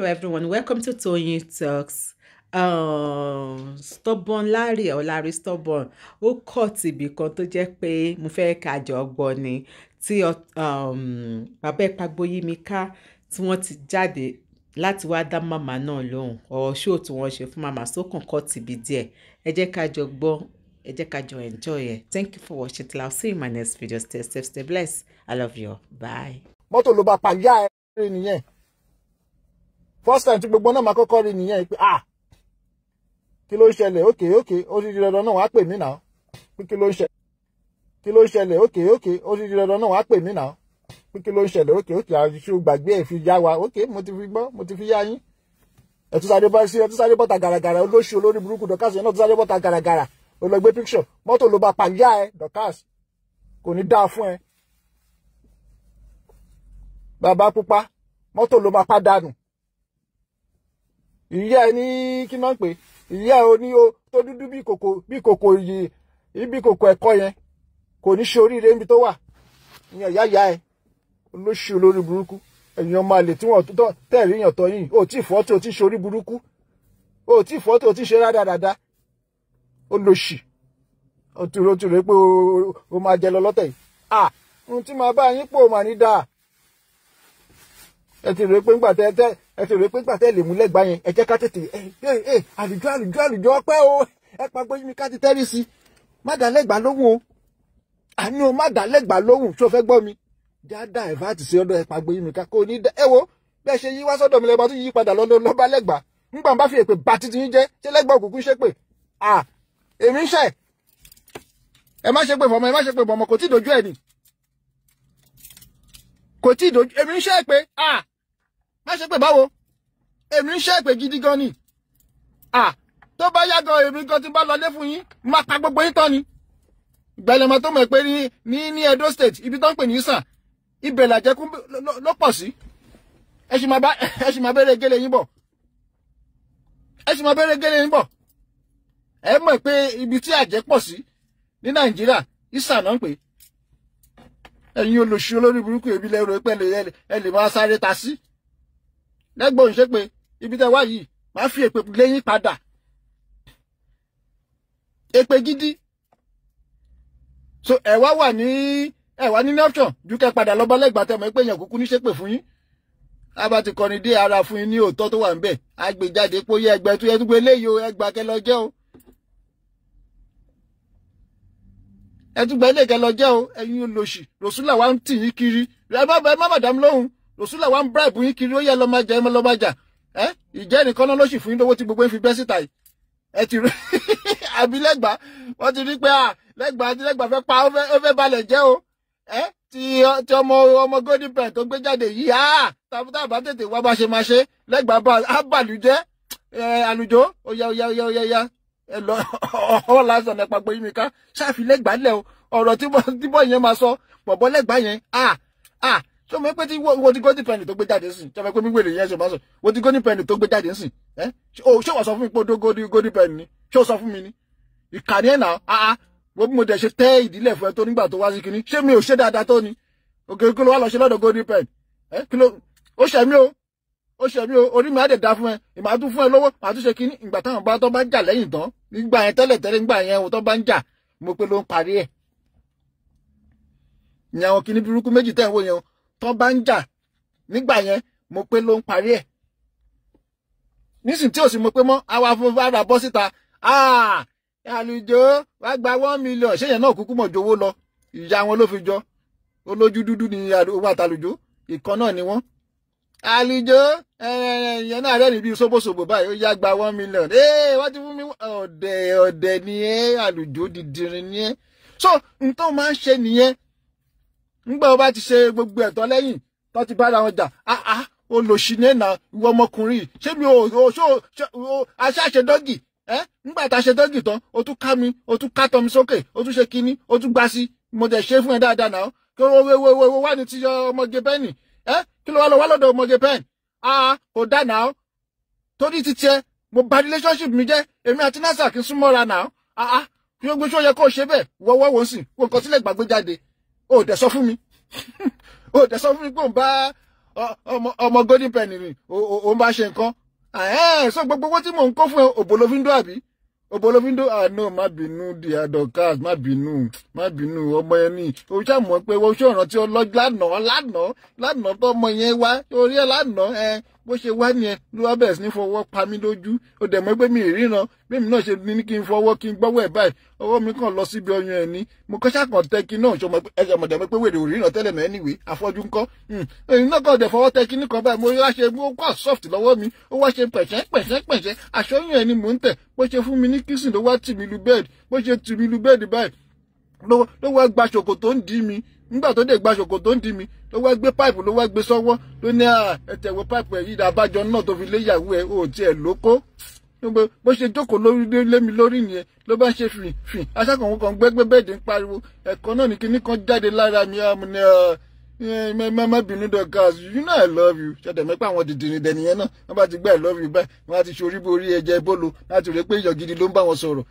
Hello everyone, welcome to Tony Talks. Um, stubborn Larry Ọ̀làrí stubborn ó kọ̀ tìbì kan tó jẹ́ pé mo fẹ́ kájọ ọgbọ́n ni tí um, bàbá ẹ̀ Pagboyimika tí wọ́n ti jáde láti wá dá màmá náà lóhùn ọ̀rọ̀ ṣó tí wọ́n ṣe fún màmá sókàn kọ̀ tìbì díẹ̀ ẹ jẹ́ kájọ gbọ́ ẹ jẹ́ kájọ enjoy ẹ̀ thank you for watching till i see you in my next video stay safe stay blessed i love you bye. mọ́tò ló bá pàjá ẹ̀ nìyẹn first time tí gbogbo náà máa kọ́kọ́ rí nìyẹn pé ah kí ló ń okay. òkè òkè ó ti di dandan náà wàá pè mí náà pé kí ló ń ṣẹlẹ̀ kí ló ń ṣẹlẹ̀ òkè òkè ó ti di dandan náà wàá pè mí náà pé kí ló ń ṣẹlẹ̀ òkè òkè àṣù gbàgbé ẹ̀ fi yá wa òkè mo ti fi gbọ́ mo ti fi yá yín ẹ̀túnṣadé bá sí ẹ̀túnṣadé bọ́ta gàràgàrà olóṣù olórí burúkú dọ́kàsì náà ẹ̀túnṣadé bọ́ta gàràgàrà olóògbé picture mọ́tò ló bá pàyà ẹ dọ́kàsì kò ní dáa fún ẹ bàbá pupa mọ́tò ló bá pàdánù ìyá ẹni kí n máa ń pè ìyá oní o tó dúdú bí kòkò bí kòkò yìí ibi kòkò ẹ̀kọ́ yẹn kò ní ṣe oríire níbi tó wà ìyẹn ìyá ìyá ẹ olóṣù olórí burúkú èèyàn máa lè tí wọn tó tẹ̀rí èèyàn tọ́ yìí ò tí ì fọ́ tí o ti ṣe orí burúkú ò tí ì fọ́ tí o ti ṣe rádaràda olóṣì òtúrò òtúrò pé o máa jẹ lọ lọ́tẹ̀ yìí à ohun tí màá bá yín pò mà ní dáa ẹ ti rèé pé ńgbà tẹ tẹ ẹ ti rèé pé ńgbà tẹ lè mú lẹ́gbàá yẹn ẹ jẹ́ ká tètè ẹ ẹ àlùjọ àlùjọ àlùjọ ọpẹ́ o ẹ pàgbọ́ yín mi ká ti tẹ́rí sí i má dá lẹ́gbàá lóhùn o àní o má dá lẹ́gbàá lóhùn tó fẹ́ gbọ́ mi dáadáa ẹ̀ bá ti ṣe ọdọ ẹ pàgbọ́ yín mi ká kó o ní dá ẹ wo bẹ́ẹ̀ ṣe yí wá sọ́dọ̀ mi lẹ́gbàá tó yí padà lọ́dọ̀ lọ́ba lẹ́gbàá ńgbà bá fi èpè bá titi yín jẹ́ ṣé lẹ́gbàá òkùnkùn ṣépè à èmi ń ṣẹ̀ ẹ má ṣépè fọmọ ẹ má ṣépè fọmọ kò tí ì dojú ẹ̀ nì kò tí ì dojú èmi ń ṣẹ́ pé à má ṣe pé báwo èmi ń ṣe èpè gidi gan ni tó bá yá gan èmi gan ti bá lọlé fún yín máa pa gbogbo yín tán ni ìgbàlẹ̀mọ́ tó mọ̀ pé ní ní Edo State ibi tó ń pè ní sàn ibẹ̀ làjẹkú ló pọ̀ sí ẹ sì máa bẹ̀rẹ̀ gẹ́lẹ́ yín bọ̀ ẹ sì máa bẹ̀rẹ̀ gẹ́lẹ́ yín bọ̀ ẹ mọ̀ pé ibi tí àjẹ́ pọ̀ sí ní Nàìjíríà ìsàn náà ń pè ẹ̀yin olóṣù olórí burúkú èmi lẹ́rù pẹ́ ẹ lè máa sáré ta sí. Si lẹ́gbọ̀n ìṣépè ibi tẹ́ wá yìí máa fi èpè lẹ́yìn padà èpè gidi so ẹ wá wà ní ẹ wá ní option ju kẹ padà lọ bọ́lẹ́gbà tẹmọ pé èèyàn kúkú ní ṣépè fún yín a bá ti kọrin dé ara fún yín ní òótọ́ tó wà níbẹ̀ a gbé jáde pé ó yẹ ẹgbẹ́ tó yẹ tó gbé léyìí o ẹgbà kẹ lọ jẹ́ o ẹ tún gbẹ ilé kẹ lọ jẹ́ o ẹ̀yin olòṣì rọ̀ṣúlà wa ń tì yín kiri ẹ má bàa dá mi lóhùn lòsúlà wa ń bribe yín kiri ó yẹ lọ́mọjà ẹ lọ́mọjà ẹ ìjẹ́ nìkan náà ló sì fún yín lówó tí gbogbo yín fi bẹ́ síta yìí ẹ ti rí àbí lẹ́gbàá wọ́n ti rí pé à lẹ́gbàá tí lẹ́gbàá fẹ́ pa ó fẹ́ balẹ̀ jẹ́ o ẹ ti ti ọmọ ọmọ golden pen tó gbé jáde yìí á tàbí bá tètè wá bá ṣe máa ṣe lẹ́gbàá bá á bàlújẹ́ ẹ àlùjọ ó yá ó yá ó yá ó yá ó yá ẹ lọ ọ lásán nípa gbé yín mi ká ṣáàfì lẹ́gbàá lẹ̀ o ọ̀rọ̀ tí bọ́ yẹn máa sọ bọ̀bọ́ lẹ́gbàá yẹn à à tó mọ̀ pé tí wọ́n ti golden penny tó gbé jáde sìn tó mọ̀ pé wíwèrè yẹn ṣe máa sọ wọ́n ti golden penny tó gbé jáde sìn ẹ́ ṣé wọ́n sọ fún mi pé ó dó golden penny ni ṣé ó sọ fún mi ni ìkànnì ẹ̀ náà áá wọ́n bí mo dẹ̀ ṣe tẹ́ ìdílé fún ẹ tó nígbà tó wá sí kinní ṣé mi ò ṣe dáadáa tó ni o kí ló wá lọ ṣe lọ́dọ̀ golden penny ẹ́ kí ló ó ṣẹ̀ mí o ó ṣẹ̀ mí o orí mi á dẹ̀ da fún ẹ ìmọ̀ àtún fún ẹ lọ́wọ́ màá tún ṣe kinní ìgbà táwọn bá tó bá ń jà lẹ́yìn tán nígbà yẹn tẹ́lẹ̀ tẹ́lẹ̀ nígbà yẹn òun tó bá mo pé ló ń parí ẹ̀ ìyẹn àwọn kinní burúkú méjì tẹ̀ ń tán bá ń jà nígbà yẹn mo pé ló ń parí ẹ̀ nísìnyí tí ò sì mo pé mọ́ àwa fún ara bọ́ síta ah, àlùjọ wàá gba one million ṣé yẹn náà kúkú mọ̀ jowó lọ ìyá wọn ló fi jọ olójú dúdú ni owó àtàlùjọ ìkan náà ni wọ́n àlùjọ ìyẹn náà rẹ́rìn bíi ṣòbòṣòbò báyìí ó yá gba one million ee eh, wọ́n ti fún mi ọ̀dẹ̀ ọ̀dẹ̀ ni ẹ́ àlùjọ dìdìrín ni ẹ́ so nǹkan máa ń ṣe nìyẹn nígbà wo bá ti ṣe gbogbo ẹ̀tọ́ lẹ́yìn tó ti bára wọn jà áá ah, ah, olùsínẹ́nà ìwọ ọmọkùnrin ṣé mi ò ṣó aṣáṣe dọ́gì ẹ́ nígbà tá a ṣe dọ́gì tán o tún ká mi o tún ká tọmi sókè o tún ṣe kinní o tún gbá sí mo dẹ̀ ṣe fún ẹ dáadáa náà kí o wo wo wo wá ní ti ọmọge bẹ́ẹ̀nì ẹ́ kí ló wá lọ wá lọ́dọ̀ ọmọge bẹ́ẹ̀nì áá ah, kò dá náà torí ti tiẹ̀ mo bà relationship mi jẹ́ èmi àti nasa kì í súnmọ́ra náà áá kí o gbé ṣó yẹ kó o ṣe bẹ́ẹ̀ wọ́wọ́ wọ́n sì kó nǹkan sílẹ̀ gbàgbé jáde o dẹ̀ sọ fún mi o dẹ̀ sọ fún mi pé òun bá ọmọ golden penny rìn òun bá ṣe nǹkan so gbogbo owó tí mò ń kó fún òbólófíndó àbí òbólófíndó àná ah, má bínú di adọkas má bínú má bínú ọmọ yẹn ni òun ṣàmọ pé wọn ṣòran tí ó lọ lánàá lánàá lánàá tó ọmọ yẹn wá orí ẹ lánàá bó ṣe wá nìyẹn ló wá bẹ̀rẹ̀ sí ní fọwọ́ pa mí lójú ó dẹ̀ mọ́ pé mi ìríran bẹ́ẹ̀ mi náà ṣe ní kí n fọwọ́ kí n gbọ́wọ́ ẹ̀ báyìí ọwọ́ mi kàn lọ síbi ọyàn ẹ̀ ní mo kọ́ ṣàkàn tẹ́kí náà ṣọmọ ẹ̀ṣẹ̀ mọ̀dẹ̀ mọ́ pé wèrè òríran tẹ́lẹ̀ mọ́ anyway àfọ́jú ńkọ́ èyí hmm. náà kàn dẹ̀ fọwọ́ tẹ́kí nìkan báyìí mo wá ṣe mo kọ́ soft lọ́wọ́ mi ó wá ṣe pẹ̀ṣẹ́ pẹ̀ṣẹ́ pẹ̀ṣẹ́ àṣọyún ẹ̀ ni mò ń tẹ̀ bó ṣe fún mi ní kìsìn ló wá tì mí lu bẹ́ẹ̀dì bó ṣe tì mí lu bẹ́ẹ̀dì báyìí ló wá gba ṣòkòtò ń dí mi nígbà tó dé gba ṣòkò tó ń di mi ló wá gbé páìpù ló wá gbé sọ́wọ́ ló ní ah, ẹtẹ̀wé páìpù ẹ̀ yíra abájọ náà tó fi lé ìyàwó ẹ̀ ò tiẹ̀ lóko bó ṣe jókòó lórí lémi lórí nìyẹn ló bá ṣe fìn fìn aṣákòwò kan gbẹgbẹ bẹẹdì ń pariwo ẹ̀kọ́ náà ní kinní kan jáde lára mi àmúni mẹ́mẹ́bìnrin dọ̀ka you know I love you ṣẹ̀dẹ̀mẹ́ pé àwọn dìdìrì dẹ̀nìyẹn náà wọ́n bá ti gbà I love you báyìí wọ́n á ti ṣorí borí ẹ̀jẹ̀ bólo láti rẹ̀ pé ìyàn gidi ló ń bá wọn sọ̀rọ̀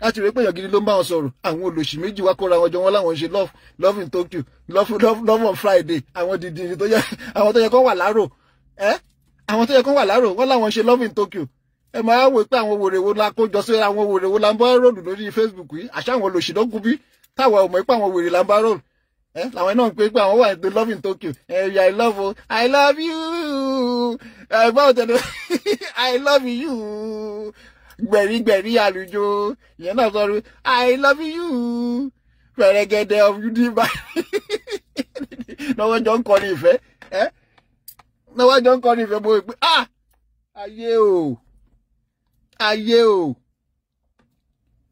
láti rí pé èèyàn gidi ló ń bá wọn sọ̀rọ̀ àwọn olóṣì méjì wá kóra wọn jọ wọn láwọn ṣe love in Tokyo love love love on Friday àwọn dìndìn tó yẹ àwọn tó yẹ kán wà láàrò ẹ àwọn tó yẹ kán wà láàrò wọn láwọn ṣe love in Tokyo ẹ máa wò pé àwọn wèrèwò la kó jọ sí àwọn wèrèwò la ń bá ròlù lórí Facebook yìí àṣà àwọn olóṣì ló gubí táwa ò mọ̀ pé àwọn wèrè la ń bá ròlù ẹ làwọn náà ń pè pé àwọn wà ní love in Tokyo ẹ yà I love you I love you ẹ báwo tẹ̀lé I love you gbẹ̀rígbẹ̀rí àlùjọ ìyẹn náà sọ i love you pẹ̀rẹ̀gẹ̀dẹ̀ of universe lọ́wọ́ jọ ń kọrin ìfẹ́ lọ́wọ́ jọ ń kọrin ìfẹ́ mo pé ah ayé o ayé o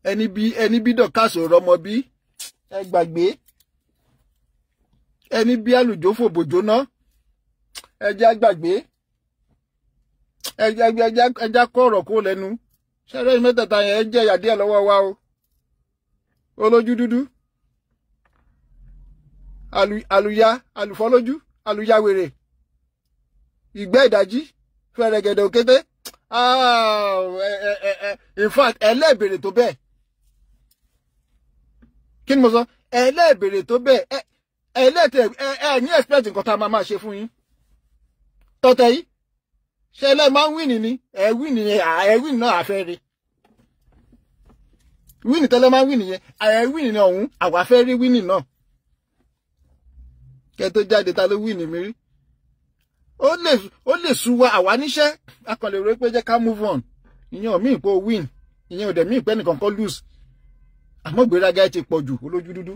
ẹni bí ẹni bí dọ̀kásò rọmọ bí ẹ gbàgbé ẹni bí àlùjọ ẹ jẹ́ ṣẹ́rẹ́ mẹ́tẹ̀ẹ̀ta yẹn jẹ́ ìyà díẹ̀ lọ́wọ́ wa o olójú dúdú àlùyá àlùfọ́lójú àlùyá wèrè ìgbẹ́ ìdájí fẹ̀rẹ̀gẹ̀dẹ̀ òkété ah, in fact ẹlẹ́bèrè tó bẹ́ẹ̀ kí ni mo sọ ẹlẹ́bèrè tó bẹ́ẹ̀ ẹlẹ́tẹ̀ ẹ ní expect nǹkan tá a máa máa ṣe fún yín tọ́tẹ̀ yìí ṣé lẹ́ẹ̀ máa ń wíìnì ni ẹ wíìnì ẹ wíìnì náà àfẹ́ rí wíìnì tẹ́lẹ̀ máa ń wíìnì yẹn ẹ wíìnì ni ọ̀hún àwa fẹ́ rí wíìnì náà kẹ tó jáde ta ló wíìnì mi rí ó lè ó lè àwa níṣẹ́ akànlè rẹ pé jẹ́ ká move on ìyẹn ò mí ìpò win ìyẹn ò dẹ̀ mí ìpẹ́ nìkan kọ́ lose àmọ́ gbéraga ẹ ti pọ̀ jù olójú dúdú.